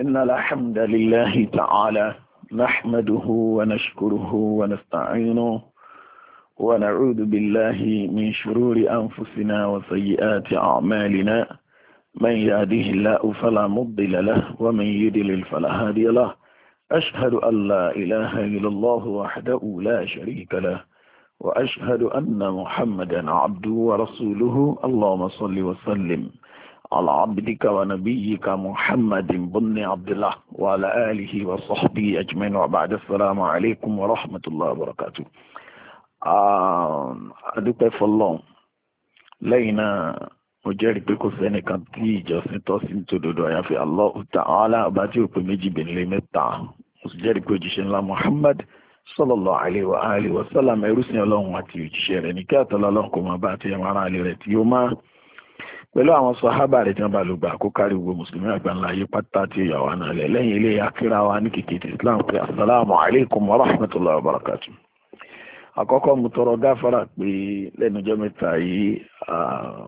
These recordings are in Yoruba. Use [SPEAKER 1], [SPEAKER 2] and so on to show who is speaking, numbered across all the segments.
[SPEAKER 1] إن الحمد لله تعالى نحمده ونشكره ونستعينه ونعوذ بالله من شرور أنفسنا وسيئات أعمالنا من يهده الله فلا مضل له ومن يدلل فلا هادي له أشهد أن لا إله إلا الله وحده لا شريك له وأشهد أن محمدا عبده ورسوله اللهم صل وسلم على عبدك ونبيك محمد بن عبد الله وعلى آله وصحبه أجمعين وبعد السلام عليكم ورحمة الله وبركاته adúpẹ́ fọlọ́n lẹ́yìn náà mo jẹ́rìí pé kò sẹ́nìkan tí ìjọsìn tọ́ sí tòdodo àyàfi Allahu Ta'ala ọba tí ò pé méjì bènlé mẹ́ta mo sì jẹ́rìí pé òjíṣẹ́ ńlá Muhammad sallallahu alaihi wa alihi wa sallam ẹrú sí ọlọ́run àti òjíṣẹ́ rẹ̀ ní kí àtọ́lọ́lọ́run kò máa bá àti ẹ̀wọ̀n ara rẹ̀ tí ó máa pẹ̀lú àwọn sọ̀hábà rẹ̀ tí wọ́n bá lò gbà kó kárí gbogbo mùsùlùmí àgbáńlá ayé pátá tí ìyàwó àná rẹ̀ lẹ́yìn ilé akíra wa ní kìkì tí islam pé asalaamu alaykum wa rahmatulahi wa barakatu. àkọ́kọ́ mo tọrọ gáfárà pé lẹ́nujọ́ mẹ́ta yìí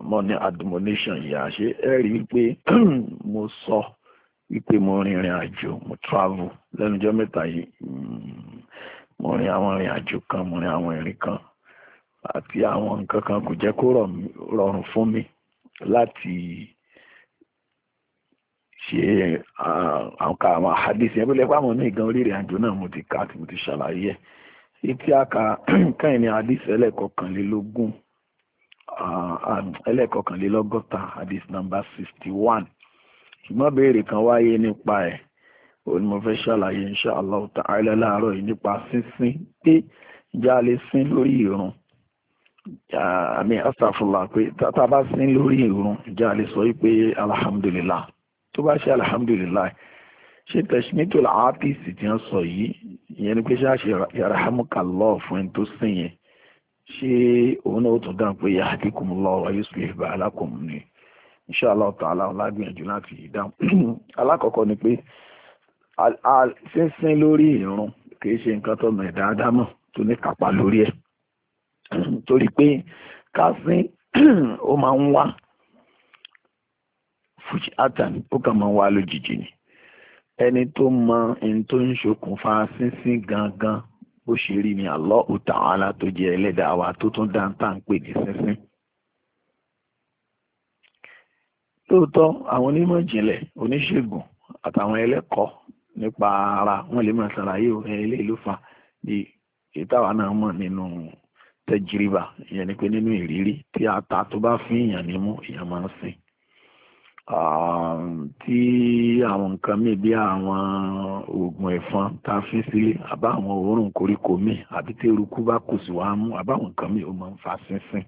[SPEAKER 1] mo ní admonition yìí àṣé ẹ rí i pé mo sọ wípé mo rìnrìn àjò mo travel lẹ́nujọ́ mẹ́ta yìí mm, mo rìn àwọn ìrìn àjò kan mo rìn àwọn ìrìn kan àti àwọn nǹkan kan kò jẹ́ kó rọrùn fún mi láti ṣe àǹkà àwọn hadith yẹn bó lẹ́pẹ́ àwọn ní ìgan orí ìrìn àjò náà mo ti kà tí mo ti ṣàlàyé ẹ̀ etí àka kẹ́yìn ní hadith ẹlẹ́kọ̀ọ́kànlélógún ẹlẹ́kọ̀ọ́kànlélọ́gọ́ta hadith number sixty one ṣùgbọ́n béèrè kan wáyé nípa ẹ̀ òun ni mo fẹ́ ṣàlàyé insha Allah ta'ala láàárọ̀ yìí nípa sínsín pé ìjà lè sín lórí ìrun Ah, àmì astagfirullah pé tá a bá sin lórí ìrun ìjà lè sọ pé alhamdulillah tó bá ṣe alhamdulillah ṣe tẹ̀símítò àápìsì tí wọ́n sọ yìí ìyẹn ni pé ṣáàṣì yarhamukallah fún ẹni tó sìn yẹn ṣé òun náà ó tún dáhùn pé yahdikumullah wa yuslih balakum ni inshallah ta'ala lágbìyànjú láti dáhùn alákọ̀ọ́kọ́ ni pé sínsín lórí ìrun kì í ṣe nǹkan tó mọ̀ ẹ̀dá ádámọ̀ tó ní kápá lórí ẹ̀ torí pé kásín ó máa ń wá fuji atan ó kàn máa ń wá lójijì ni ẹni tó mọ ẹni tó ń ṣokùnfà sínsín gangan bó ṣe rí ni Allahu Ta'ala tó jẹ́ ẹlẹ́dàá wa tó tún dáńtà ń pè ní sínsín. lóòótọ́ àwọn onímọ̀ ìjìnlẹ̀ oníṣègùn àtàwọn ẹlẹ́kọ̀ọ́ nípa ara wọn lè máa ṣàlàyé òun eléyìí ló fà ní ìtawà náà mọ̀ nínú tẹjiriba ìyẹn ni pé nínú ìrírí tí ata tó bá fún èèyàn nímú èèyàn máa ń sìn tí àwọn nǹkan míì bí àwọn oògùn ẹ̀fọn tá a fi sílé àbá àwọn òórùn koríko míì àbí tí eruku bá kù sí wa mú àbá àwọn nǹkan míì ó máa ń fa sínsìn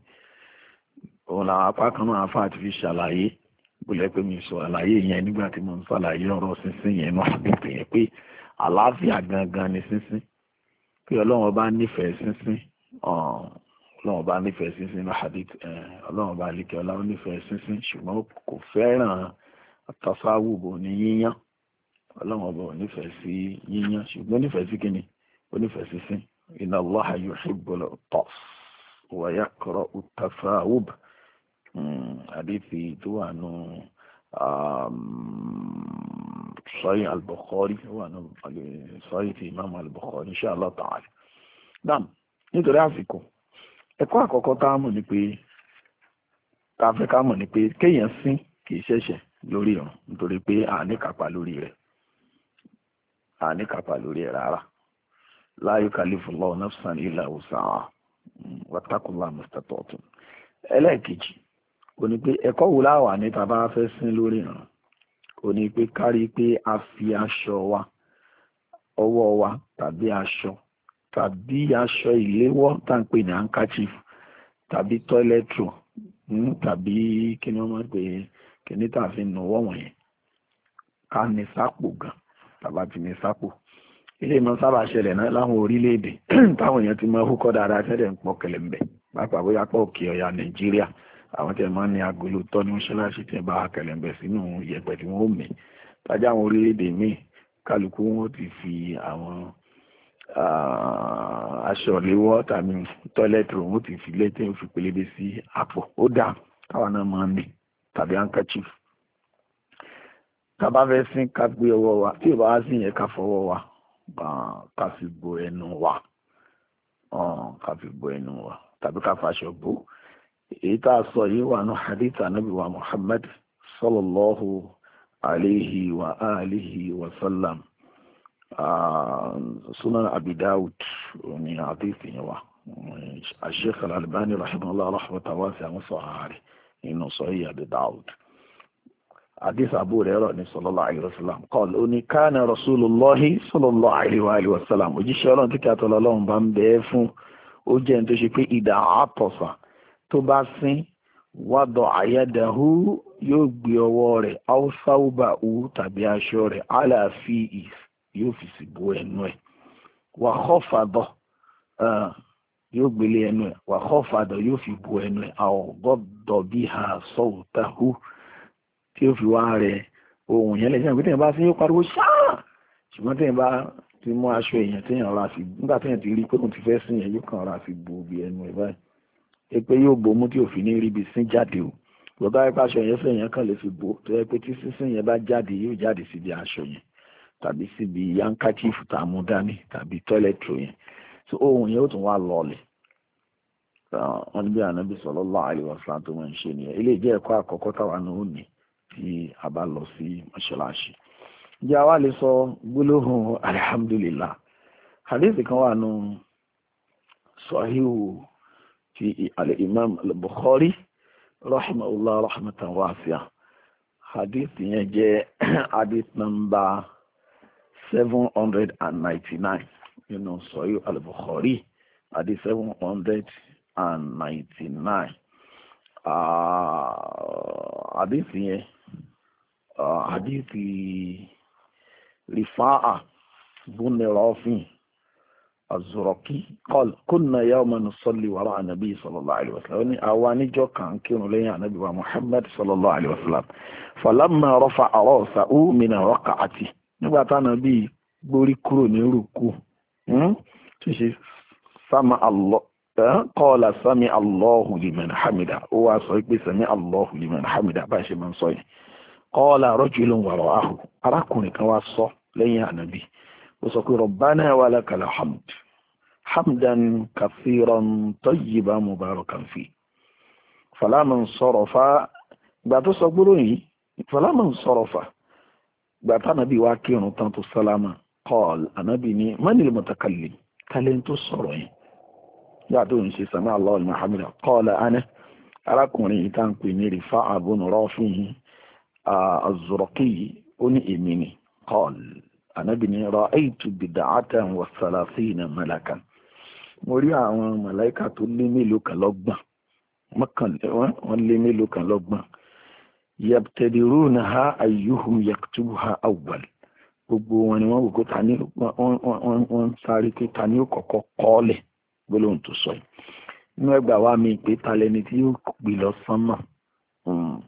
[SPEAKER 1] òun làwọn apá kan náà afa àti fi ṣàlàyé bólẹ̀ pé mi sọ àlàyé yẹn nígbà tí mo ń ṣàlàyé ọ̀rọ̀ sínsìn yẹn náà àgbègbè yẹn pé àlàáfíà gangan ni sínsìn pé ọlọ́run ọba nífẹ̀ẹ́ sínsìn ọlọ́run bá nífẹ̀ẹ́ sínsìn ní hadith ọlọ́run bá lékè ọlọ́run nífẹ̀ẹ́ sínsìn ṣùgbọ́n kò fẹ́ràn àtàsáwùbò ní yíyán ọlọ́run ọba ò nífẹ̀ẹ́ sí yíyán ṣùgbọ́n nífẹ̀ẹ́ sí kíni ó nífẹ̀ẹ́ sínsìn inna Allaha yuhibbul tass wa yakrahut tasawub hadithi tó wà nù sahih al-Bukhari wà nù sahih ti imam al-Bukhari insha Allah ta'ala. Naam. nítorí àsìkò ẹkọ àkọ́kọ́ tá a mọ̀ ni pé tá a ni pé kéèyàn sín kì í lórí ìrun nítorí pé àní lórí rẹ̀ àní lórí ẹ̀ rárá la yukalifullahu nafsan illa wus'aha wattaqullaha mastata'tum ẹlẹ́ẹ̀kejì ó ní pé a fi aṣọ wa wa tàbí aṣọ tàbí aṣọ ìléwọ́ tá à ń pè ní handkerchief tàbí toilet roll hmm, tàbí kí ni wọ́n máa ń pè kí ni tá a fi nùwọ́ wọ̀nyẹn ká ní sápò gan tàbá ti ní sápò ilé ìmọ̀ sábà ṣẹlẹ̀ náà láwọn orílẹ̀-èdè táwọn èèyàn ti máa húkọ́ dáadáa tẹ́lẹ̀ ń pọ̀ kẹlẹ̀ ń bẹ̀ pàápàá bóyá pọ̀ òkè ọ̀yà nàìjíríà àwọn tẹ̀ máa ní agolo tọ́ ní mọ́ṣáláṣí tẹ̀ bá kẹlẹ̀ ń bẹ̀ sínú yẹ̀pẹ̀ tí wọ́n ó mì tájà àwọn orílẹ̀-èdè míì kálukú wọn ti fi àwọn Ah, aṣọ ìléwọ́ tàbí tọ́lẹ̀tì òun ti fi lé tí ń fi pelebe sí àpò ó dà káwa náà máa ń ní tàbí handkerchief ká bá fẹ́ sín ká gbé ọwọ́ wa tí ò bá wá sí yẹn ká fọwọ́ wa ká fi bo ẹnu wa ká fi bo ẹnu wa tàbí ká faṣọ bò èyí tá a sọ yìí wà ní hadith anabi wa muhammad sallallahu alayhi wa alihi wa sallam sunan abi dawud ni àdìsí yẹn wa Sheikh al-Albani rahimahullah rahmatan wasi'a àwọn sọ̀hárì nínú sọ̀hí abi dawud àdìsí Abu Hurairah ní sallallahu alayhi wa sallam qala ó ní kana rasulullahi sallallahu alayhi wa sallam òjíṣẹ́ ọlọ́run tí kàtọ́ lọ́lọ́run bá ń bẹ́ẹ̀ fún ó jẹ́ ní tó ṣe pé ìdá àtọ̀sà tó bá sín wádọ̀ àyádàhú yóò gbé ọwọ́ rẹ̀ áwùsáwùbà tàbí aṣọ rẹ̀ aláàfin ìs yóò fi sì bo ẹnu ẹ̀ wà kọ́ fàdọ̀ yóò gbélé ẹnu ẹ̀ wà kọ́ fàdọ̀ yóò fi bo ẹnu ẹ̀ àwọn gbọ́dọ̀ bí ha sọ̀rọ̀ tahu tí yóò fi wá rẹ ohun yẹn lẹ́sìn àgbẹ̀ tẹ̀yìn bá sí yóò pariwo ṣáà ṣùgbọ́n tẹ̀yìn bá ti mú aṣọ èèyàn tẹ̀yìn ọ̀rọ̀ àfi nígbà tẹ̀yìn ti rí pé òun ti fẹ́ sìn yẹn yóò kàn ọ̀rọ̀ àfi bo ibi ẹnu ẹ̀ báyìí ẹ pé yóò bomú tí òfin ní ríbi sín jáde o bọ́dá ẹ aṣọ yẹn fẹ́ yẹn kàn lè fi bo tó yẹ pé tí sísìn yẹn bá jáde yóò jáde síbi aṣọ yẹn tàbí síbi yankachifu tá a mú dání tàbí tọ́lẹ̀tì yẹn so ohun yẹn ó tún wá lọlẹ̀ wọ́n ní bí ànábì sallallahu alaihi wasallam tó wọ́n ń ṣe nìyẹn ilé ìjẹ́ ẹ̀kọ́ àkọ́kọ́ táwa náà ó ní tí a bá lọ sí mọ́ṣáláṣí ǹjẹ́ àwa lè sọ gbólóhùn alihamdulillah hadith kan wà nù sahihu ti al bukhari rahimahullah rahmatan wasi'a hadith yẹn jẹ́ hadith number seven hundred and ninety-nine nínú sọ́yọ́ al-Bukhari àdé seven hundred and ninety-nine ah, àdéhùn yẹn ah, àdéhùn rifa'a bùnú rọ́ọ̀fìn azuraki kọl kúnnà yà ọmọ nusọlì wàrà ànàbí sọlọlá àlùwàsílà ó ní àwa níjọ kan kírun lẹ́yìn ànàbí wa muhammad sọlọlá àlùwàsílà falamma rọfà àrọ ọsà ó mìíràn nígbà táwọn bíi gbórí kúrò ní rúkú hmm, tí ṣe sáma Allah kọ́ọ̀lá eh, sami Allahu liman hamida ó wá sọ pé sami Allahu liman hamida bá ṣe máa ń sọ yẹn kọ́ọ̀lá rajulun wara'ahu arákùnrin kan wá sọ lẹ́yìn ànábì ó sọ pé rabbana walakal hamd hamdan kathiran tayyiban mubarakan fi falaman sarafa ìgbà tó sọ gbólóyìn falaman sarafa gbàtà ànábì wá kírun tán tó sálámà kọ́ọ̀l ànábì ní mọ́nìlì mọ̀tàkàlì kálẹ̀ tó sọ̀rọ̀ yẹn yá tó ń ṣe sàmì aláwọ̀ muhammed kọ́ọ̀lá anẹ́ arákùnrin yìí tá à ń pè ní rìfá àbùn rọ́ọ̀fin yìí àzùrọ̀kì yìí ó ní èmi ni kọ́ọ̀l ànábì ní ra'aytu bid'atan wa salasina malakan mo rí àwọn màláìkà tó lé mélòó kan lọ́gbọ̀n wọ́n lé mélòó kan lọ́gbọ̀n yabtadirunaha ha ayyuhum ha awwal gbogbo wọn ni wọ́n wò kó sáré pé ó gbólóhùn tó sọ yìí ẹgbà wa mi pé tí yóò gbé lọ sánmà hmm,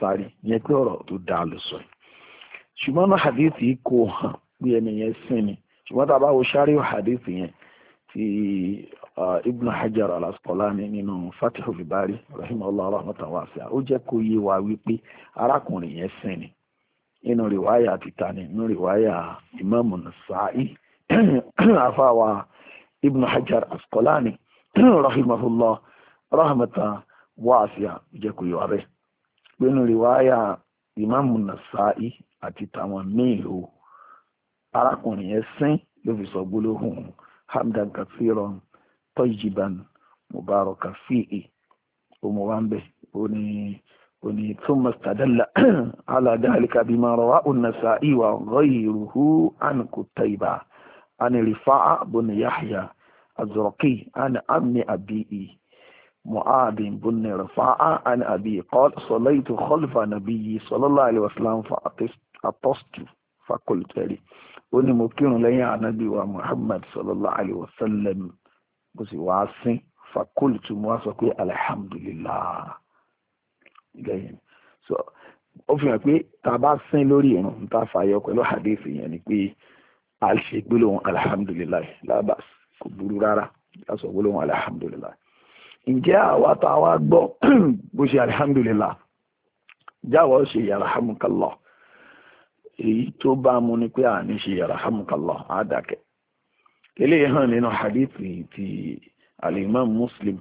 [SPEAKER 1] sáré yẹn pé tó sọ yìí náà hadith yìí kò hàn bí ẹni yẹn sìn ni tá a bá wo hadith yẹn ti ibn hajar al-asqalani nínú fatihul bari rahimahullah rahmatan wasi'a ó jẹ́ kó yé wa yẹn ni nínú rìwáyà tìta ni nínú rìwáyà nasa'i afáwa ibn hajar al rahimahullah rahmatan wasi'a ó jẹ́ kó yé wa bẹ́ẹ̀ pé nínú rìwáyà nasa'i àti tàwọn míì o yẹn fi sọ hamdan kathiran tayyiban mubarakan fihi òmò wa ń bẹ òní òní thumma istadalla ala dhalika bima rawahu an-nasa'i wa ghayruhu an kutayba an rifa'a bin yahya az-zurqi an ammi abi'i معاذ بن رفاعة عن أبي قال صليت خلف نبي صلى الله عليه وسلم فأطست فقلت لي ó ní mo kírun lẹ́yìn ànábì wa muhammad sallallahu alayhi wa sallam mo sì wá sín fakultu mo wá sọ pé alhamdulillah so ó fi hàn pé tá a bá sín lórí irun n ta fàyọ pẹ̀lú hadith yẹn ni pé a ṣe gbólóhùn alhamdulillah lábàs kò burú rárá a sọ gbólóhùn alhamdulillah ǹjẹ́ àwa tá a wá gbọ́ bó ṣe alhamdulillah jáwọ́ ṣe yarhamukallah èyí tó bá mu ni pé àní ṣe alhamdulilah àdàkẹ́ eléyìí hàn nínú hadithi ti alimam muslim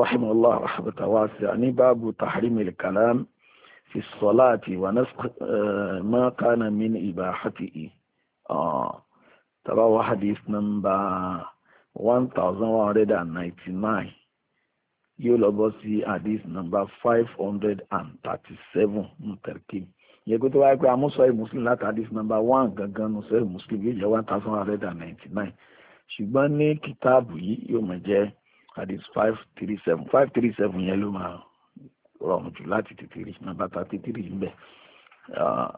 [SPEAKER 1] rahimahullah rahmatan wasi'a ní báàbù tahrimil kalam fi sọláàtì wà eh, ma kana min ibahatihi ah, tabawa hadith number one thousand one hundred and ninety-nine yóò lọ bọ́ sí hadith number five hundred and thirty-seven ntarkim yẹ kó tó wáyé pé amúsọ̀rọ̀ muslim láti hadith number one gangan nu sọ̀rọ̀ muslim yóò jẹ́ one thousand one hundred and ninety nine ṣùgbọ́n ní kìtáàbù yìí yóò máa jẹ́ hadith five three seven five three seven yẹn ló máa rọrùn jù láti tètè rí number thirty three ń bẹ ah,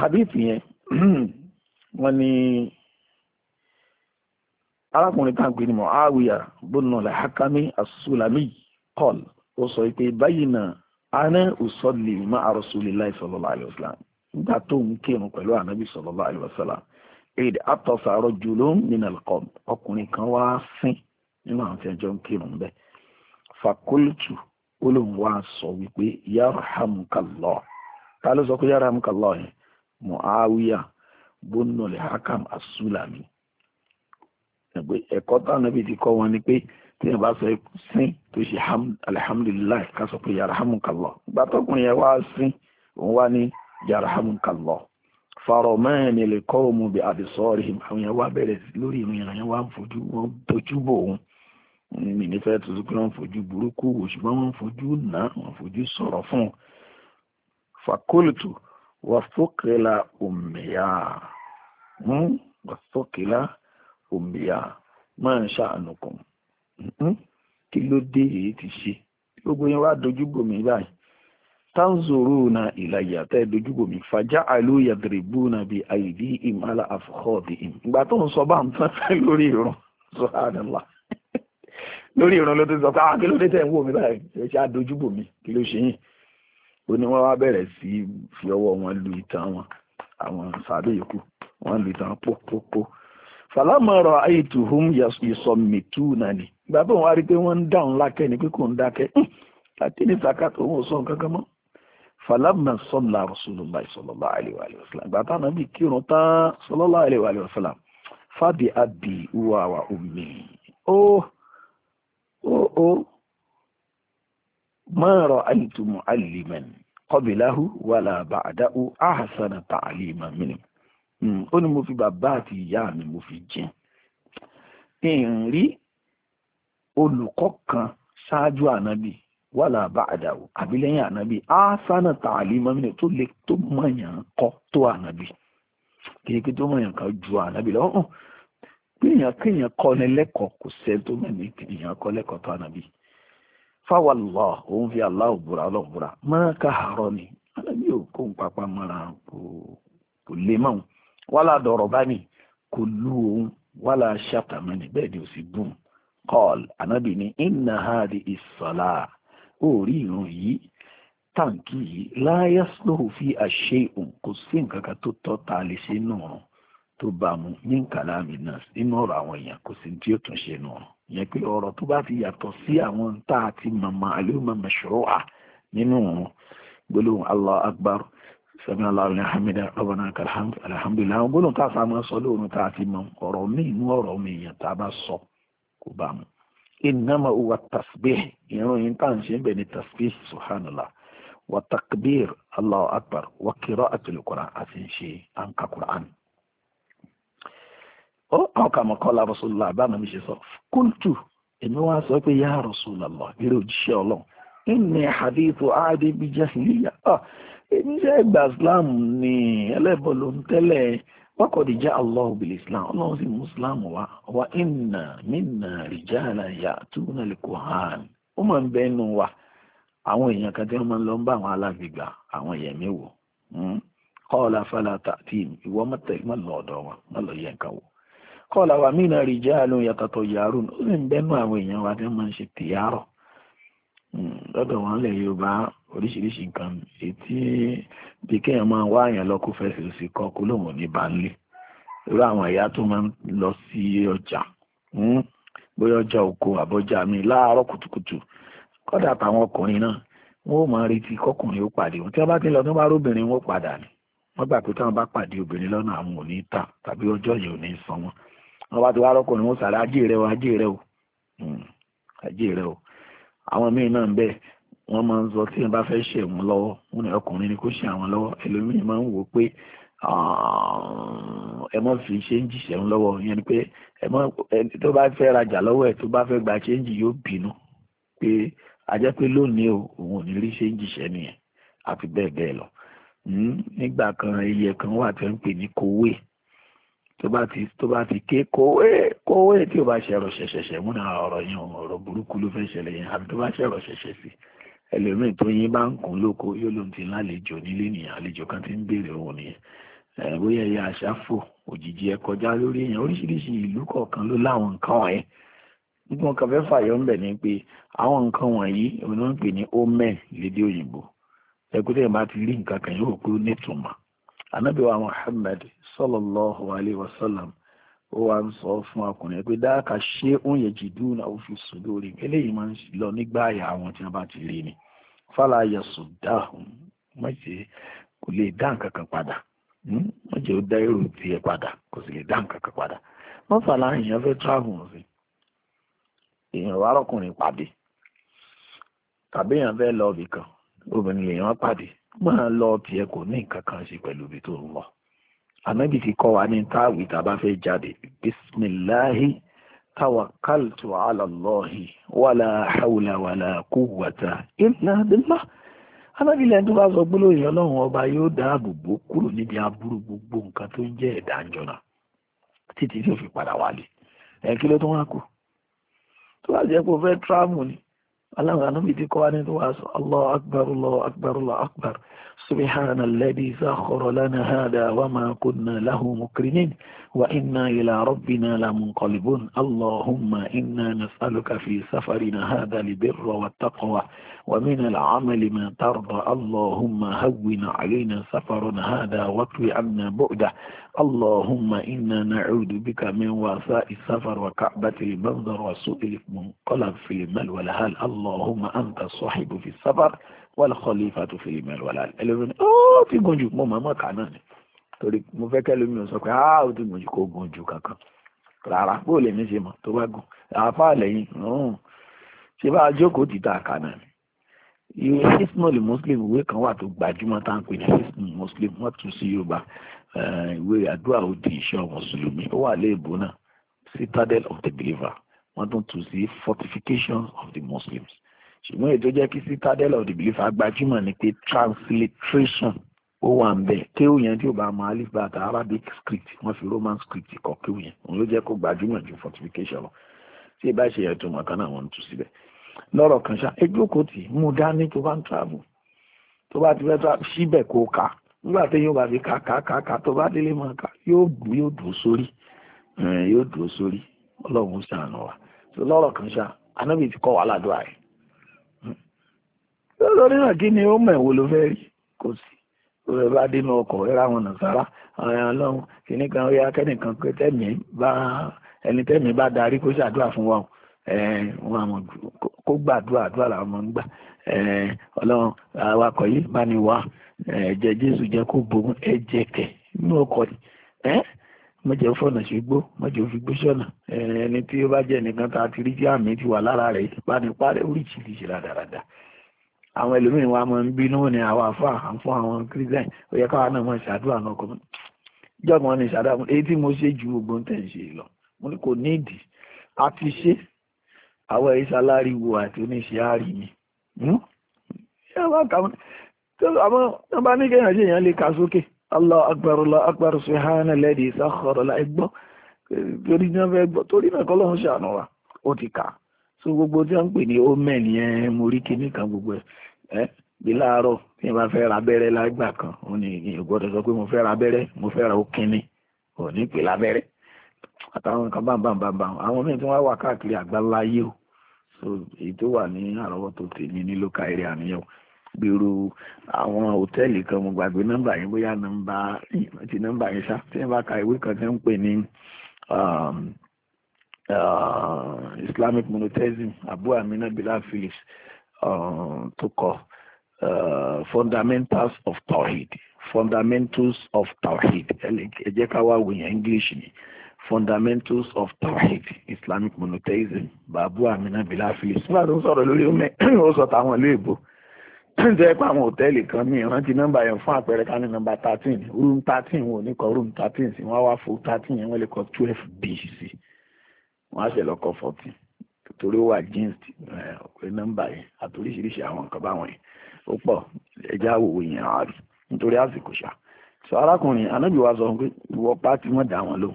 [SPEAKER 1] hadith yẹn wọ́n ní arákùnrin tá ni ń pè ní mọ̀ áwìyà bónú làhákámi àsùlámì kọ́l ó sọ pé báyìí náà ana usalli ma'a rasulillahi sallallahu alaihi wasallam nígbà tó ń kírun pẹ̀lú ànábì sallallahu alaihi wasallam èdè àtọ̀sà rajulun minal qawm ọkùnrin kan wá sín nínú àwọn tí ẹjọ́ ń kírun bẹ́ẹ̀ fakultu olóhùn wa sọ wípé yarhamukallah ta ló sọ pé yarhamukallah yẹn muawiya bónú lè hakam asulami ẹ̀kọ́ táwọn ẹbí ti kọ́ wọn ni pé téèyàn bá sọ sín tó ṣe alihamudulilayi ká sọ pé yarahamukallah ìgbà tọkùnrin yẹn wá sín òun wá ní yarahamukallah faromẹ́ẹ̀ni lè kọ́ òmu bí àbísọ́ọ̀rì àwọn yẹn wá bẹ̀rẹ̀ lórí ìrìn ìrìn yẹn wá ń fojú wọn dojú bò òun mi ní fẹ́ tuntun pé wọ́n ń fojú burúkú wò wọ́n ń fojú nà wọ́n ń fojú sọ̀rọ̀ fún un fakultu wàfókèlà òmìyà wàfókèlà òmìyà máa ń ṣàánú kan Hmm? kí ló dé èyí ti ṣe gbogbo yẹn wá dojúbò mí báyìí tanzoro na ìlàyà tẹ́ dojúbò mí fàjà àlù yàtìrìbù na bíi àìdí ìmàlà àfọ̀kọ́ọ̀dì ìm ìgbà tó ń sọ bá ń tán lórí ìrun subhanallah lórí ìrun ló ti sọ pé ah, kí ló dé tẹ́ ń wò mí báyìí ẹ ṣáà dojúbò mí kí ló ṣe yín ó ní wọ́n wá bẹ̀rẹ̀ sí fi ọwọ́ wọn lu ìtàn wọn àwọn sàbẹ̀ yòókù wọ́n lu ìtàn pòpòpò fàlámọ̀rọ̀ àìtùhùn ìsọ̀mìtú náà ìgbà tó ń wá rí pé wọ́n ń dáhùn lákẹ́ ni pé kò ń dákẹ́ àti hmm. ní sàkàtà òun ò sọ nǹkan kan mọ́ falamma salla rasulullah sallallahu alayhi wa sallam ìgbà táwọn náà bí kírun tán sallallahu alayhi wa sallam fàbí àbí wà wà omi ó ó ó ma ra'aytu mu'alliman qablahu wala ba'dahu ahsana ta'liman minhu hmm. ó ní mo fi bàbá àti ìyá mi mo fi jìn ìrìn olùkọ́ kan ṣáájú ànábì wàlà bàdàwò àbílẹ̀yìn ànábì àásánà tààlí mọ́mìnà tó lè tó mọ̀yàn kọ́ tó ànábì kéèké tó mọ̀yàn kan ju ànábì lọ́hùn kéèyàn kéèyàn kọ́ ni lẹ́kọ̀ọ́ kò sẹ́ni tó mẹ́ni kéèyàn kọ́ lẹ́kọ̀ọ́ tó ànábì fáwọlọ́ òun fi aláwọ̀ búra ọlọ́run búra máa ká àárọ̀ ni ànábì ò kó ń papá mọ́ra kò lè mọ́ wàlà dọ̀rọ̀ bá ní kò lù òun wàlà ṣàtàmẹ́ni bẹ́ẹ̀ ni ò sì bùn kọ́ọ̀l ànábì ní inna hadi ìsọ̀lá òórí ìrun yìí tàǹkì yìí láyé slow fi àṣẹ òun kò sí nǹkan kan tó tọ́ ta lè ṣe nù ọ̀run tó bá mu ní nkàlá mi náà nínú ọ̀rọ̀ àwọn èèyàn kò sí tí ó tún ṣe nù ọ̀run yẹn pé ọ̀rọ̀ tó bá ti yàtọ̀ sí àwọn tá a ti mọ̀mọ́ àlẹ́wọ̀mọ̀ mẹ̀ṣọ́rọ̀ nínú ọ̀run gbólóhùn allah akbar sami alahu ni hamida rabbana alhamdulilayi gbólóhùn tá a sá máa sọ lóorun tá a ti mọ ọ̀rọ̀ mi inú ọ̀rọ̀ mi èèyàn tá a bá sọ kò bá mu innama huwa tasbih irun tá à ń ṣe ń wa takbir allahu akbar wa qira'atul a àti ń ṣe àǹkà quran ó àwọn kàmọ́ kọ́lá mi ṣe sọ kultu èmi wá sọ pé ya rasulullah eré òjíṣẹ́ ọlọ́run inni hadithu aadi bi jahiliya ah èmi ṣe gba islam ni ẹlẹ́bọ̀ ló wákọ̀dì já Allahu bil Islam ọlọ́run sì mú Islam wá wa inna minna rijalan ya'tuna al-kuhan ó máa ń bẹ́ nù wa àwọn èèyàn kan tí wọ́n máa ń lọ ń bá àwọn alágbègbà àwọn èèyàn mi wò hmm? qala fala ìwọ mọ́tẹ̀ má lọ ọ̀dọ̀ wọn má lọ yẹ nǹkan wò qala wa minna rijalun yatatayyarun ó sì ń bẹ́ nù àwọn èèyàn wa tí wọ́n máa ń ṣe tìyàrọ̀ hmm, lọ́dọ̀ wọn lè Yorùbá oríṣiríṣi nǹkan etí bí kéèyàn máa wá àyàn lọ kó fẹsẹ̀ sí kọ́ kó lòun ò ní bá ń lé irú àwọn ìyá tó máa ń lọ sí ọjà hmm, bóyá ọjà oko àbọ̀jà mi láàárọ̀ kùtùkùtù kọ́dà táwọn ọkùnrin náà wọn ò máa retí kọkùnrin ó pàdé wọn tí wọn bá ti lọ tó bá róbìnrin wọn padà ni wọn gbà pé táwọn bá pàdé obìnrin lọ́nà àwọn ò ní tà tàbí ọjọ́ yìí ò ní san wọn wọn bá ti wá rọ́kùnrin wọn sàrẹ́ ajé rẹ o hmm, ajé rẹ o àwọn míì náà ń bẹ wọ́n máa ń sọ tí wọ́n bá fẹ́ ṣe wọn lọ́wọ́ wọn ni ọkùnrin ni kò ṣe àwọn lọ́wọ́ ẹlòmíì máa ń wò pé ẹ mọ̀ fi ṣéǹjì ṣẹ̀hún lọ́wọ́ yẹn ni pé ẹ mọ̀ tó bá fẹ́ rajà lọ́wọ́ ẹ̀ tó bá fẹ́ gba ṣéǹjì yóò bínú pé ajẹ́ pé lónìí o òun ò ní rí ṣéǹjì ṣẹ́ nìyẹn àti bẹ́ẹ̀ bẹ́ẹ̀ lọ hmm, nígbà kan iye kan wà tó ń pè ní kowé tó bá ti tó bá ti ké kówé kówé tí o bá ṣẹ̀rọ̀ ṣẹ̀ṣẹ̀ṣẹ̀ múnà ọ̀rọ̀ yẹn ọ̀rọ̀ burúkú ló fẹ́ ṣẹlẹ̀ yẹn àbí tó bá ṣẹ̀rọ̀ ṣẹ̀ṣẹ̀ sí i ẹlòmíì tó yín bá ń kún lóko yóò lóun ti lálejò nílé nìyẹn àlejò kan ti ń béèrè òun nìyẹn bóyá ẹyà àṣàfò òjijì ẹ kọjá lórí èèyàn oríṣiríṣi ìlú kọ̀ọ̀kan ló láwọn nǹkan wọ̀nyẹn nǹkan kan fẹ́ ń bẹ̀ ni pé àwọn nǹkan wọ̀nyí òun ń pè ní omen lédè òyìnbó ti rí nǹkan kan yóò nítumọ̀ anábìwá Muhammad alayhi wa ó wá ń sọ fún ọkùnrin pé dáàkà ṣé òun yẹ jìdú náà ó fi sùdó rí eléyìí máa ń lọ nígbà àyà àwọn tí wọn bá ti rí ni fàlà ayẹsùn dáhùn mọ̀jẹ̀ kò lè dá nǹkan kan padà mọ̀jẹ̀ hmm? ó dá èrò tiẹ̀ padà kò sì lè dá nǹkan kan padà wọ́n fàlà èèyàn fẹ́ travel sí èèyàn wà lọ́kùnrin pàdé tàbí èèyàn fẹ́ lọ ibì kan obìnrin lèèyàn pàdé máa lọ tiẹ̀ kò ní nǹkan kan ṣe pẹ̀lú ibi tó ń lọ ànábì fi kọ́ wa ní táàwì tá a bá fẹ́ jáde bisimilahi tawakkaltu ala Allahi wàlà hawla wàlà quwwata illa billah ànábì lẹ́yìn tó bá sọ pé lóyìn ọlọ́run ọba yóò dáàbò bò kúrò níbi aburú gbogbo nǹkan tó ń jẹ́ ẹ̀dá ìjọra títí tí ó fi padà wálé ẹ̀ ló tó wá kù tó bá jẹ́ pé ó fẹ́ tíráàmù ni aláwọn anábì ti kọ́ wa nínú wa sọ allah akbar allah akbar allah akbar subhana alladhi sakhkhara lana hadha wa ma kunna lahu mukrinin wa inna ila rabbina lamunqalibun allahumma inna nas'aluka fi safarina hadha albirra wattaqwa wa min al'amali ma tarda allahumma hawwin alayna safarana hadha wa twi 'anna bu'dah Allahumma inna na'udu bika min wasa isafar wa ka'batil banzar wa su'il munqalab fil mal wal hal Allahumma anta sahibu fi safar wal khalifatu fil mal wal hal ẹlẹ́rìn oh, ó ti gùn jù mo máa mọ̀ kà náà ni torí mo fẹ́ kẹ́ lómi ò sọ pé áá ah, ó ti gùn jù kó gùn jù kankan rárá bó lè ní ṣe mọ̀ tó bá gùn àáfà lẹ́yìn hmm. ṣe bá a jókòó ti ta àkà náà ni ìwé hisnul muslim ìwé kan wà tó gbajúmọ̀ tá à ń pè ní hisnul muslim wọ́n tún sí yorùbá Eh, ìwé àdúrà odi ìṣọ́ mùsùlùmí ó wà léèbó náà citadel of the believer wọ́n tún tù sí Fortification of the muslims ṣùgbọ́n ètò jẹ́ kí citadel of the believer gbajúmọ̀ ni pé transliteration ó wà ń bẹ̀ kéwù yẹn tí ó bá mọ alif bàtà arabic script wọ́n fi roman script kọ kéwù yẹn òun ló jẹ́ kó gbajúmọ̀ ju fortification lọ tí ì bá ṣe ẹ̀tún mọ̀kán náà wọ́n ń tù síbẹ̀ lọ́rọ̀ kan ṣá ejókòó tì mú dání tó bá ń travel tó bá ti fẹ́ síbẹ̀ kó kà á nígbà tí yóò bá fi kàkàkàkà tó bá délé mọ́ ká yóò dùn sórí yóò dùn sórí ọlọ́run ṣàánú wa tó lọ́rọ̀ kan ṣá anábì ti kọ́ wa ládùúgbà rẹ̀ lórí náà kí ni ó mọ̀ èwo ló fẹ́ rí kò sí rẹ̀ bá dénú ọkọ̀ ẹ̀rá wọn nàṣàrà ọ̀rẹ́ ọlọ́run kìíní kan ó yá kẹ́nìkan pé tẹ́mi bá ẹni tẹ́mi bá darí kó ṣàdúrà fún wa kó gbàdúrà àdúrà làwọn ọmọ ń gbà ọlọ́run awakọ̀ yìí bá ní wàá ẹ̀jẹ̀ jésù jẹ́ kó bogun ẹ̀jẹ̀ kẹ̀ inú ọkọ̀ ni ẹ́ mọ̀jẹ̀ fọ̀nà ṣègbó mọ̀jẹ̀ òfin gbé sọ̀nà ẹni tí ó bá jẹ́ nìkan tá a ti rí tí àmì ti wà lára rẹ̀ bá ní parẹ́ oríṣiríṣi rádaràda àwọn ẹlòmíràn wa máa ń bínú ní àwọn àfa àǹfọ̀ àwọn kírísítẹ́n ó yẹ káwa náà máa ṣàdúrà náà kọ́ jọ́gbọ́n ní ṣàdúrà fún èyí tí mo ṣe ju gbogbo ń tẹ̀ ń ṣe lọ mo ní kò ní a ti ṣe àwọn ẹ̀yìn sáláríwo àti oníṣẹ́ àárín mi hmm? àmọ́ wọ́n bá ní kéèyàn ṣe èèyàn lè kà sókè allah akbar allah akbar subhana alladhi sakhkhara la ẹgbọ́ torí náà fẹ́ gbọ́ torí náà kọ́ lọ́hún ṣàánú wa ó ti kà so gbogbo tí wọ́n ń pè ní omen yẹn mo rí kinní kan gbogbo ẹ̀ bí láàárọ̀ tí wọ́n bá fẹ́ ra abẹ́rẹ́ lágbà kan ó ní ìgbọ́dọ̀ sọ pé mo fẹ́ ra abẹ́rẹ́ mo fẹ́ ra okínní ò ní pè lábẹ́rẹ́ àtàwọn nǹkan bàbàbàbà àwọn míì tí wọ́n wà káàkiri àgbáláyé o so èyí tó wà ní àrọ́wọ́tó tèmi ní local area nìyẹn o gbèrò àwọn hòtẹ́ẹ̀lì kan mo gbàgbé nọ́mbà yẹn bóyá nọ́mbà ti nọ́mbà yẹn ṣá tí wọ́n bá ka ìwé kan tí wọ́n ń pè ní um, uh, Islamic monotheism Abu Amina Bilal Phillips um, tó kọ uh, fundamentals of tawhid fundamentals of tawhid ẹ jẹ́ ká wá wòyàn English ni fundamentals of tawhid Islamic monotheism Abu Amina Bilal Phillips nígbà tó ń sọ̀rọ̀ lórí ó sọ táwọn ìlú èbó. tẹ́ pé àwọn òtẹ́ẹ̀lì kan mi ìrántí nọ́mbà yẹn fún àpẹẹrẹ ká ní nọ́mbà thirteen room thirteen wọn ò ní kọ room thirteen sí wọ́n wá fún thirteen yẹn wọ́n lè kọ twelve b sí wọ́n á ṣe lọ kọ fourteen torí ó wà jeans pé eh, nọ́mbà yẹn àtòríṣiríṣi àwọn nǹkan báwọn yẹn ó pọ̀ ẹja àwòwò yẹn àárí nítorí àsìkò ṣá sọ arákùnrin anábì wa sọ pé ìwọ pàtí wọn dà wọn lò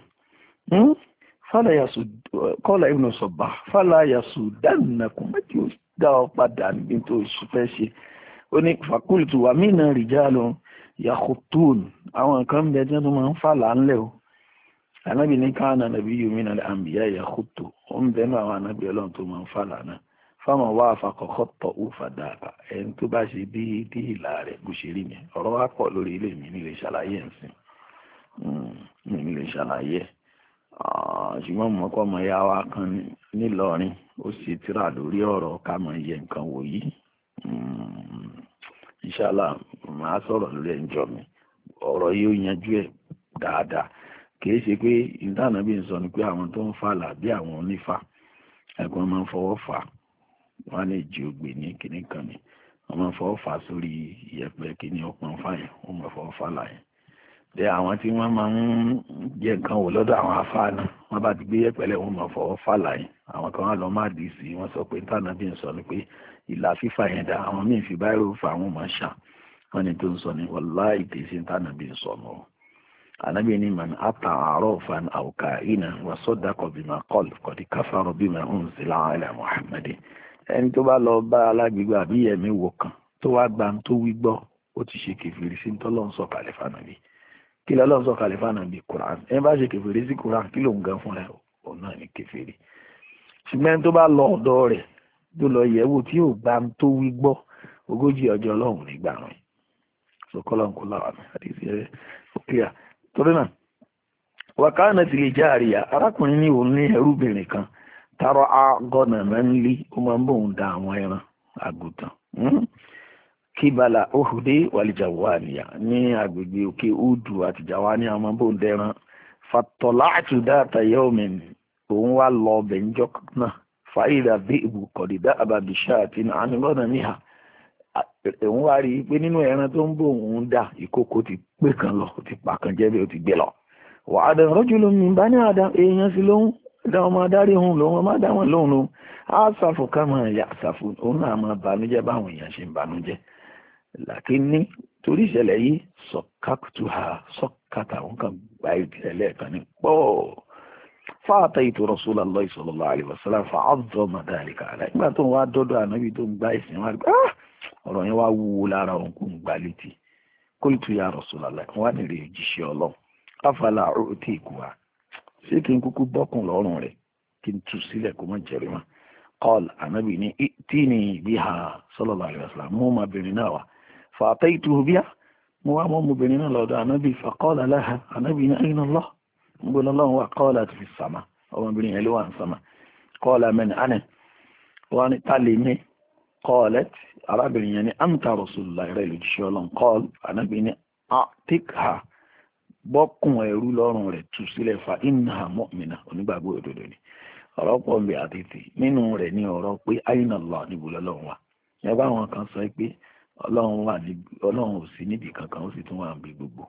[SPEAKER 1] kọ́lá ibùdó sọ̀bà fàlàyà sùdánù nàkùnmẹ́tì ó dá ọ padà níbi tó fẹ́ ṣe ó ní fàkúlìtù wà mí náà rìjálù yakutun àwọn nǹkan ń bẹ tí wọ́n tún máa ń fà láńlẹ̀ o anábì ní káànà nàbí yomi náà àmbíyá yakutu ó ń bẹnu àwọn anábì ọlọ́run tó máa ń fà lánàá fáwọn wá àfàkọ́kọ́ tọ̀ ó fàdà ẹni tó bá ṣe déédé ìlà rẹ̀ bó ṣe rí mi ọ̀rọ̀ wá pọ̀ lórí ilé mi nílé ṣàlàyé ẹ̀sìn hmm, mi nílé ṣàlàyé ah, ṣùgbọ́n mo ọmọ ya wa kan nílọrin ó sì tíra lórí ọ̀rọ̀ ká mọ̀ iye nǹkan wò yìí hmm. inshallah màá sọ̀rọ̀ lórí ẹ̀ńjọ́ mi ọ̀rọ̀ yìí ó yanjú ẹ̀ dáadáa kìí ṣe pé ìdáná bí n sọ ni pé àwọn tó ń fa là bí àwọn máa ń fọwọ́ fà wọ́n á lè jí ní kan ni wọ́n máa ń fọwọ́ fà sórí ìyẹ̀pẹ̀ kinní ọpọ́n fáyẹn wọ́n máa fọwọ́ fà de àwọn tí wọ́n máa ń jẹ nǹkan wò lọ́dọ̀ àwọn wọ́n bá ti gbé wọ́n máa fọwọ́ fà àwọn kan á lọ má sọ pé bí ni pé ìlà fífà yẹn dá àwọn míì fi báyìí fa àwọn ọmọ ṣàn wọn ni tó ń sọ ní wàlá ìtẹ̀sí tànàbí sọ̀nù ànábì ní man ata àròfan àwùká ìnà wàsódàkọ̀ bímọ kọ́l kọ̀dí káfáró bímọ ń sílá ala Muhammad ẹni tó bá lọ bá alágbègbè àbí yẹmí wò kan tó wá gbà tó wí gbọ́ ó ti ṣe kẹfìrí sí tọ́lọ́ ń sọ kàlẹ́ kí lọ́lọ́ sọ kàlẹ́ fànàbí ẹni bá ṣe kẹfìrí sí Quran kí lòun gan fún ẹ òun náà kẹfìrí ṣùgbọ́n tó bá lọ ọ̀dọ̀ rẹ̀ tó lọ yẹ̀wò tí ò bá ń tó wí gbọ́ ogójì ọjọ́ ọlọ́run nígbà rẹ̀ sọkọ́lá ńkọ́ làwọn àmì àdìsí rẹ̀ òkè à torí náà wàkánà ti lè kan àgọ́nà ń lé ó máa ń da àwọn ẹran àgùntàn òhùdé hmm? ní agbègbè òkè àtìjàwá ní àwọn dẹran òun lọ ọbẹ̀ ńjọ́ náà fàyídà bí ìbùkọ̀dìdá àbàbíṣà àti àníbọ̀nà níhà òun wá rí i pé nínú ẹran tó ń bò òun dà ìkókó ti pé kan lọ ó ti pa kan jẹ́ bí ó ti gbé lọ. wà á dàn rọ́jò lómi bá ní àdá èèyàn sí lóhùn dá ọmọ adarí òun lòun ọmọ adá wọn lóhùn lòun á ṣàfù ká máa yà ṣàfù òun náà máa bànújẹ́ báwọn èèyàn ṣe ń bànújẹ́. làkínní torí ìṣẹ̀lẹ̀ yìí sọ̀kàtù sọ̀kàtà òun kan gba ìbílẹ̀ lẹ́ẹ̀kan ní pọ́ọ̀ fàtàìtò rọ̀ṣúlà lọ́ọ̀ ìṣọ̀lọ́lá àlèwọ̀sọ́lá fà áàzọ́ màdáríkà rẹ̀ nígbà tó ń wá dọ́dọ̀ ànábì tó ń gbá ìsìn wá rí pé ọ̀rọ̀ yẹn wá wúwo lára òun kò ń gbà létí kólítù ya rọ̀ṣúlà láì wá nìrè òjíṣẹ́ ọlọ́ afala òtí ìkùwà ṣé kí n kúkú bọ́kùn lọ́rùn rẹ̀ kí n tú sílẹ̀ kó mọ̀ jẹ̀rí mọ́ kọ́l ànábì ní tí ni bí ha sọ́lọ́lá gbọ́dọ̀ lọ́wọ́ wa kọ́ọ̀lá ti fi sàmà ọmọbìnrin yẹn ló wà ń sàmà kọ́ọ̀lá mẹ́ni ánì wọ́n ní lè mí kọ́ọ̀lẹ́ arábìnrin yẹn ní amta rasulullah rẹ̀ lójúṣẹ́ ọlọ́run kọ́ọ̀l ní bọ́kùn ẹ̀rú lọ́rùn fa onígbàgbọ́ òdodo ni ọ̀rọ̀ pọ̀ nínú rẹ̀ ní ọ̀rọ̀ pé níbo lọ́lọ́run wa yẹn bá wọn kan sọ pé ọlọ́run wà ní ọlọ́run ò gbogbo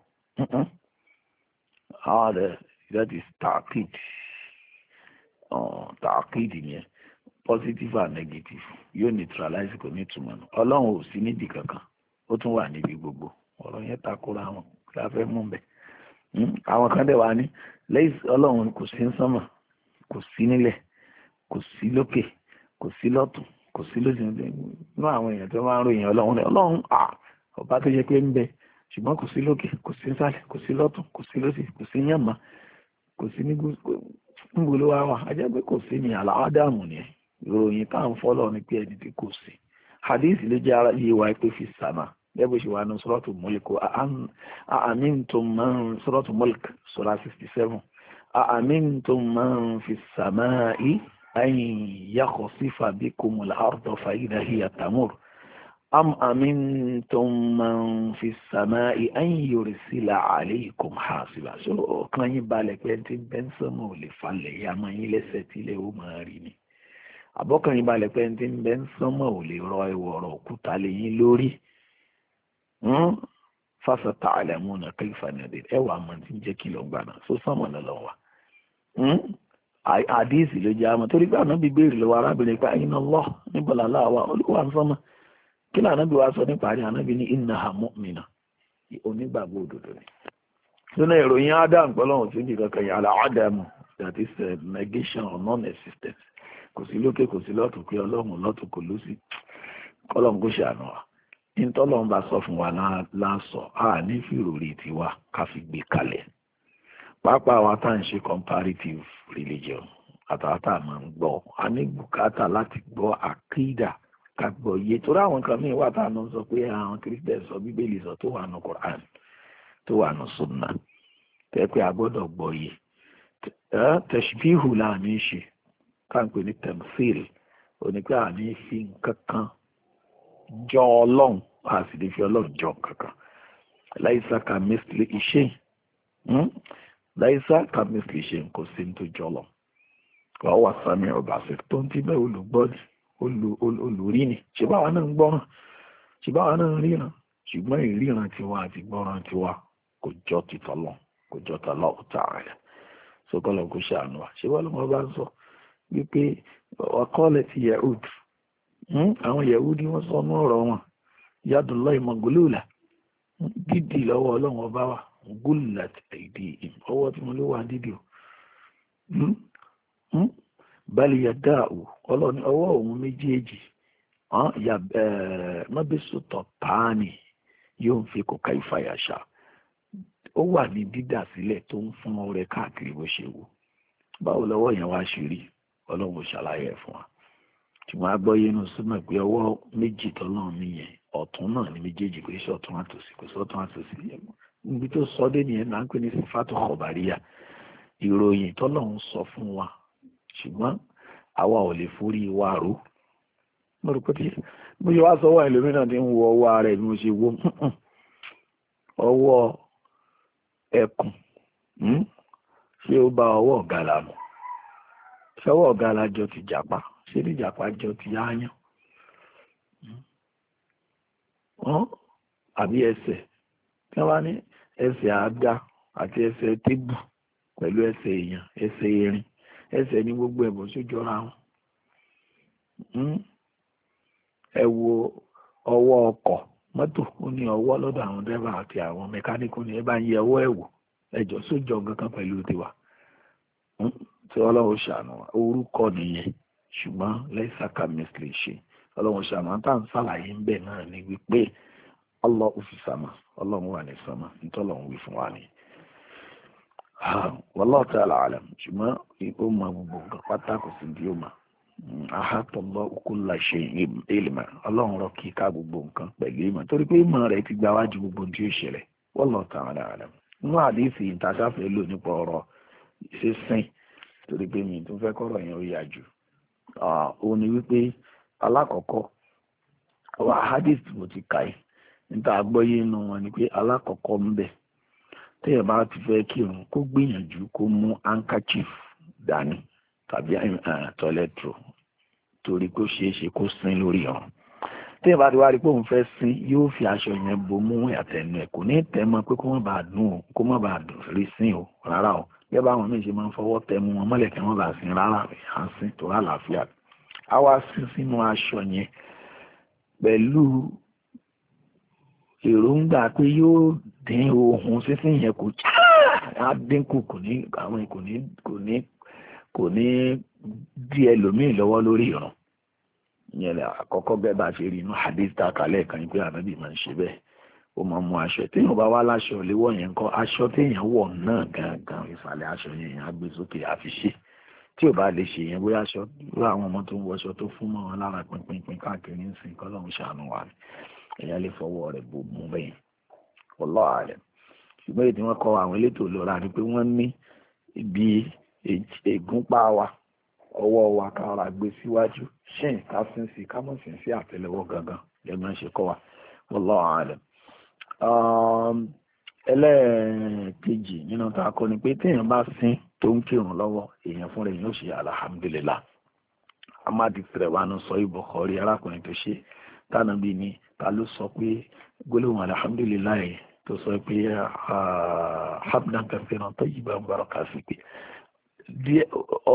[SPEAKER 1] that is ta'kid ta'kid yẹn positive and negative yóò neutralize kò ní ìtumọ̀ nù ọlọ́run ò sí nídìí kankan ó tún wà níbi gbogbo ọ̀rọ̀ yẹn takora wọn kí a fẹ́ mú bẹ́ẹ̀ àwọn kan dẹ̀ wá ní lẹ́yìn ọlọ́run kò sí ń sánmà kò sí nílẹ̀ kò sí lókè kò sí lọ́tún kò sí lóṣìṣẹ́ nínú àwọn èèyàn tó máa ń ròyìn ọlọ́run rẹ̀ ọlọ́run à ọba tó yẹ pé ń bẹ ṣùgbọ́n kò sí lókè kò sí nísàlẹ̀ kò sí lọ́tún kò sí lóṣì kò sí yànmá kò sí ní gbogbo ló wá wà á jẹ́ pé kò sí ní aláàdámù ni ìròyìn tá à ń fọ́lọ̀ ni pé ẹni tí kò sí hadith lè jẹ́ ara yé wa pé fi sàmà gẹ́gbẹ́ ṣe wà ní sọ́rọ́tù mọ́lẹ̀kù àmìntùn máa ń sọ́rọ́tù 67 àmìntùn fi sàmà ẹ̀yìn yàkọ̀ sífà bí kòmùlà àrùtọ̀ fàyídà hìyà tàmùrù am amintum man fi samai an yursila alaykum hasiba ṣó ọkàn yín balẹ̀ pé tí bẹ́ńsọ̀mù ò lè falẹ̀ yá máa yín lẹ́sẹ̀ tílẹ̀ ó máa rí ni àbọ̀kàn yín balẹ̀ pé tí bẹ́ńsọ̀mù ò lè rọ ìwọ̀rọ̀ òkúta lé yín lórí hmm? fásitì tààlẹ́mù náà kí fanadé ẹwà máa so sánmọ̀ náà kí ni ànábì wa sọ nípa ànábì ní innaha mu'mina onígbàgbọ́ ni nínú ìròyìn adam pọ́lọ́hùn tí jìkan kan yàrá adam that is uh, negation or non-existence kò sí lókè kò sí ọlọ́run lọ́sí kò wa bá sọ a fìròrí tiwa ká fi gbé kalẹ̀ pàápàá wa tá à ń ṣe comparative religion kàgbọ̀yé torí àwọn nǹkan míì wà táwọn náà sọ pé àwọn kírísítẹ̀ sọ bíbélì sọ tó wà nù Quran tó wà nù sunna tẹ́ pé a gbọ́dọ̀ gbọ̀yé tẹ̀síbíhù làmì ṣe káàpé ní tẹ̀mfíìl onípé àmì fi nǹkan kan jọ ọlọ́run a sì lè jọ nǹkan láìsá ka mísìlì hmm? láìsá ka mísìlì kò sí ní tó jọ lọ wàá wà sami ọba sí tó ń ti bẹ́ẹ̀ olùgbọ́ni olùrí ni ṣùgbọ́n àwọn náà ń gbọ́ràn ṣùgbọ́n àwọn náà ń ríran ṣùgbọ́n ìríran tiwa àti gbọ́ràn tiwa kò jọ ti tọ́lọ̀ kò jọ tọ́lọ̀ ọ̀tá rẹ̀ sọkọlọ kò ṣàánú wa ṣé wọ́n ló máa bá ń sọ wípé ọkọ́lẹ̀ ti yahud hmm? àwọn yahud wọ́n sọ ní ọ̀rọ̀ wọn yadùnlọ́ ìmọ̀gòlóòlà dídì lọ́wọ́ ọlọ́run ọba wa gúlùlà ti àìdí tí mo ló wà dídì bali yadahu ọlọ́ni ọwọ́ òun méjèèjì eji eh, tọ̀páàní yóò fi kò ká ìfàyàṣà ó wà ní dídà tó ń fún káàkiri bó ṣe wù báwo lọ́wọ́ yẹn wá ṣe rí ṣàlàyé fún wa ṣùgbọ́n a gbọ́ yẹnu súnmọ́ pé ọwọ́ méjì tọ́lọ́run nìyẹn ọ̀tún náà ní méjèèjì pé ọ̀tún àtòsí kò tó sọ dé fún wa ṣùgbọ́n àwa ò lè forí wa rò mo rò pé tí mo ṣe wá sọ́wọ́ ẹlòmíràn ti ń wọ ọwọ́ ara ẹ̀ bí mo ṣe wo hmm, ọwọ́ ẹkùn hmm, ṣé ó bá ọwọ́ ọ̀gàlà mu ṣọwọ́ ọ̀gàlà jọ ti jàpá ṣé ní jàpá jọ ti yáyán hmm, àbí ẹsẹ̀ tí wọ́n bá ní ẹsẹ̀ àádá àti ẹsẹ̀ tébù pẹ̀lú ẹsẹ̀ èèyàn ẹsẹ̀ erin ẹsẹ̀ ní gbogbo ẹ̀ bó jọra wọn ẹ wo ọwọ́ ọkọ̀ mọ́tò ó ní ọwọ́ lọ́dọ̀ àwọn dẹ́rẹ́bà àti àwọn mẹkáníkù ni ẹ bá ń yẹ ọwọ́ ẹ̀ wò ẹjọ́ sójọ́ gangan pẹ̀lú tiwa hmm? tí ọlọ́run ṣàánú orúkọ nìyẹn ṣùgbọ́n lẹ́sàkà mẹ́sìlẹ̀ ṣe ọlọ́run ṣàánú àtà ń ṣàlàyé ń bẹ̀ náà ni wípé ọlọ́run wà ní Ah, wọlọ́ọ̀tà àlàálẹ̀ ṣùgbọ́n ó mọ gbogbo nǹkan pátá kò sí bí ó mọ mm, ahatọlọ okulla ṣe ìlìmọ Ọlọ́run rọ kíka gbogbo nǹkan pẹ̀lú ìmọ̀ torí pé ti gba wájú gbogbo tí ó ṣẹlẹ̀ wọlọ́ọ̀tà àdéhìsì lò nípa torí pé mi ọrụ fẹ́ kọ́rọ̀ yẹn ó yà jù ó ní wípé alákọ̀ọ́kọ́ ti níta inú wọn ni téèyàn bá ti fẹ́ kírun kó gbìyànjú kó mú handkerchief dání tàbí tọ́lẹ́tro torí kó ṣeé ṣe kó sín lórí ọ̀run téèyàn bá ti wá rí pé òun fẹ́ sín yóò fi aṣọ yẹn bomú àtẹnu ẹ̀ kò ní tẹmọ pé kó má bàa dùn o kó má bàa dùn rí sín o rárá o gẹ́gẹ́ bá àwọn míì ṣe máa ń fọwọ́ tẹmu wọn mọ́lẹ̀ kí bá sín rárá à ń sín tó rà láàfíà á wá sín sínú aṣọ yẹn pẹ̀lú èròǹgbà pé yóò dín ohun sísìn yẹn kò já á dínkù kò ní àwọn kò ní kò ní kò ní dí ẹlòmíì lọ́wọ́ lórí ìrun ìyẹn àkọ́kọ́ bẹ́ẹ̀ bá ṣe rí inú hadith tá a kàlẹ́ kan pé ànábì máa ń ṣe bẹ́ẹ̀ ó máa mú aṣọ téèyàn bá wá láṣọ léwọ́ yẹn kọ́ aṣọ téèyàn wọ̀ náà gangan ìsàlẹ̀ aṣọ yẹn yẹn á gbé sókè àfi ṣe tí ò bá lè ṣe yẹn bóyá aṣọ irú àwọn ọmọ tó ń wọṣọ tó fún mọ́ wọn lára pinpin káàkiri ń sìn kọ́ lọ́hún ṣàánú wa ni èèyàn lè fọwọ́ rẹ̀ bò mú bẹ́ẹ̀ ọlọ́ ààrẹ ṣùgbọ́n èyí tí wọ́n kọ àwọn elétò ìlera ni pé wọ́n ní ibi ègúnpá wa ọwọ́ wa ká ra gbé síwájú ṣìn ká sín sí ká mọ̀ sín sí àtẹ́lẹwọ́ gangan lẹ́gbọ́n ṣe kọ́ wa ọlọ́ ààrẹ um, ẹlẹ́ẹ̀kejì nínú tá a kọ ni pé téèyàn bá sín tó ń kírun lọ́wọ́ èèyàn fúnra èèyàn ó ṣe alhamdulillah amadi tẹrẹwánu sọ ibùkọ́rí arákùnrin tó ṣe é tánàbí ni ta ló sọ pé gbólóhùn alihamudulilayi tó sọ pé ah, hamdan kafiran tayyiban baraka sí pé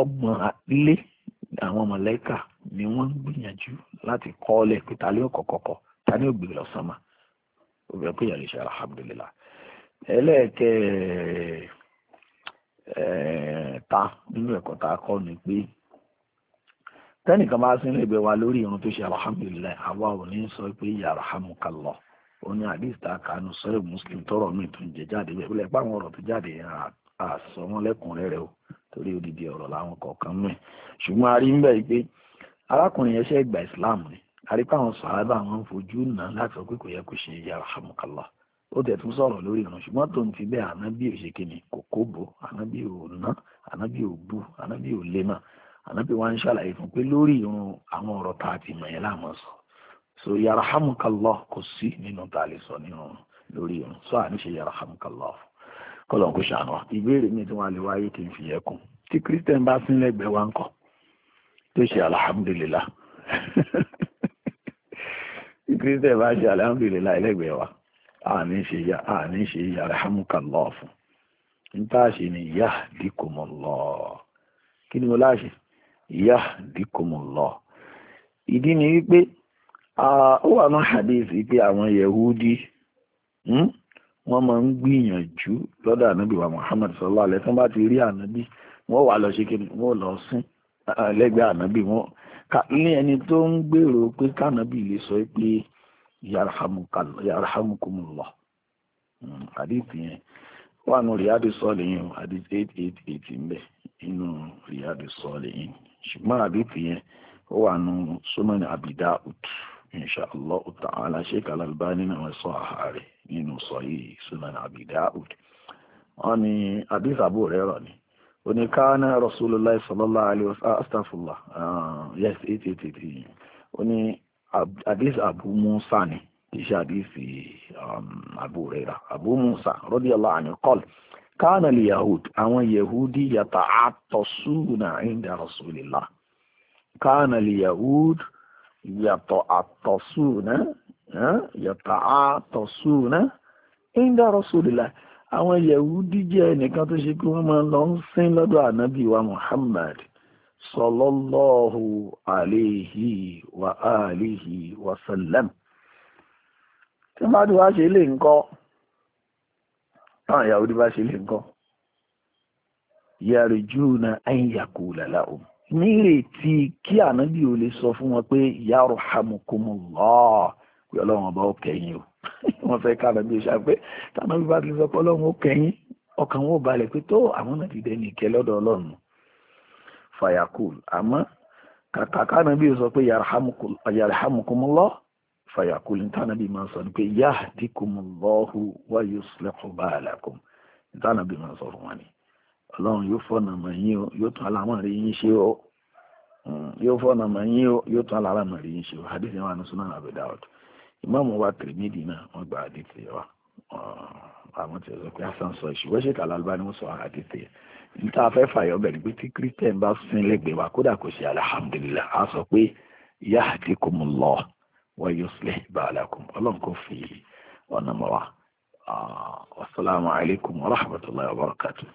[SPEAKER 1] ọgbọ̀n lé àwọn mọ̀lẹ́kà ni wọ́n ń gbìyànjú láti kọ́ ọ lẹ̀ pé ta ló kọ̀kọ̀kọ̀ ta ni ó gbé e lọ sánmà obìnrin pé yàrá ìṣẹ́ alihamudulilayi ẹlẹ́ẹ̀kẹ́ ta nínú ẹ̀kọ́ ta kọ́ ni pé tẹ́nìkan bá sínú ìgbẹ́ wa lórí irun tó ṣe alhamdulilayi àwa ò ní sọ pé yarhamukallah ó ní àdìs tá a kà nù sọ́rọ̀ muslim tọrọ mi tó ń jẹ jáde bẹ́ẹ̀ bílẹ̀ pàwọn ọ̀rọ̀ tó jáde àsọ wọn lẹ́kùnrẹ́rẹ́ o torí odidi ọ̀rọ̀ làwọn kọ̀ọ̀kan mẹ́ ṣùgbọ́n a rí ń bẹ̀ pé arákùnrin yẹn ṣe gba islam ni a rí pàwọn sàhábà wọn ń fojú nà láti sọ pé kò yẹ kó ṣe yarhamukallah ó tẹ̀ tún sọ̀rọ̀ lórí irun ṣùgbọ́n tó ń ti bẹ́ẹ̀ ànábì òṣèkìnnì kò kóbo ànábì òná ànábì òbu ànábì òlema ànábì wa ń ṣàlàyé fún pé lórí irun àwọn ọ̀rọ̀ tá a ti mọ̀ yẹn láàmú sọ so yarahamukallah kò sí nínú tá a lè sọ nínú lórí irun so àní ṣe yarahamukallah kọlọ̀n kò ṣàánú ìbéèrè mi tí wọ́n lè wáyé kí n fi yẹ kún tí christian bá sín lẹ́gbẹ̀ẹ́ wa ń kọ́ tó ṣe alhamdulillah tí christian bá ṣe alhamdulillah lẹ́gbẹ̀ẹ́ wa àní ṣe yá àní ṣe yarahamukallah fún n tá a ṣe ni yahdikumullah kí ni mo láṣẹ yahdikumullah ìdí ni wípé a wà náà hadith wípé àwọn yehudi hmm, wọ́n ma ń gbìyànjú lọ́dọ̀ ànábì wa muhammad sallallahu alaihi wasallam ti rí ànábì wà lọ ṣe kíni wọ́n lọ sìn lẹ́gbẹ̀ẹ́ anabi wọ́n ní ẹni tó ń gbèrò pé kánábì lè sọ pé yarhamukumullah hmm, hadith yẹn nù ń bẹ inú ṣùgbọ́n àdìtì yẹn ó wà nù Sunan Abi Dawud insha Allah ta'ala Sheikh Al-Albani nínú àwọn ẹ̀sọ́ ààrẹ nínú Sahih Sunan Abi Dawud wọ́n ní àdìtì àbúrò rẹ̀ rọ̀ ni oníkàánà Rasulullah sallallahu alaihi wasallam astaghfirullah ah, yes eight eight eight ó ní àdìtì Abu Musa ni kì í ṣe àdìtì àbúrò rẹ̀ rà Abu Musa radiyallahu anhu qala. kánàlì yahud àwọn yahudi yàtà àtọ̀sùnà inda rasulillah kánàlì yahud yàtọ̀ àtọ̀sùnà yàtà àtọ̀sùnà inda rasulillah àwọn yahudi jẹ́ ẹnìkan tó wa muhammad sallallahu alihi wa alihi wa tí táwọn Yahudi bá ṣe lè nǹkan yàrá jù náà ẹ̀yìn yàkó làlá òun nírètí kí ànábì ò lè sọ fún wọn pé yàrá hamukumu lọ́ọ̀ pé ọlọ́run ọba ó kẹ́yìn o wọ́n fẹ́ ká ànábì ṣá pé tánábì bá ti sọ pé ọlọ́run ó kẹ́yìn ọkàn wọn ò balẹ̀ pé tó àwọn náà ti dẹni ìkẹ́ lọ́dọ̀ ọlọ́run fàyàkùl àmọ́ kàkà kánábì sọ pé yàrá hamukumu lọ́ọ̀ fàyàkùlù ntànàbí máa sọ ni pé yahdikumullahu wa yuslihu balakum ntànàbí máa sọ fún wa ni ọlọ́run yóò fọ̀nà mọ̀ yín o yóò tún alámọ̀rí yín ṣe o yóò fọ̀nà mọ̀ yín o yóò tún alámọ̀rí yín ṣe o hadith yẹn wà ní sunan abu dawud ìmáàmù wa tìrìmídìí náà wọ́n gba hadith yẹn wa àwọn tí ó sọ pé hasan sọ ìṣúwọ́ ṣe kàlá alba ni wọ́n sọ hadith níta fẹ́ fàyọ̀ bẹ̀rẹ̀ pé tí christian bá sin lẹ́gbẹ̀ẹ́ wa kódà kò ṣe alhamdulillah a sọ pé yahdikumullah ويصلح بالكم ọlọ́run kò fi وانا mọ́ والسلام عليكم ورحمة الله وبركاته